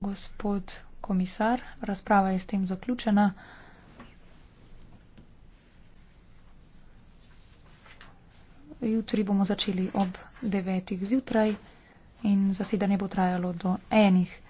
Gospod komisar, razprava je s tem zaključena. Jutri bomo začeli ob devetih zjutraj in zasedanje bo trajalo do enih.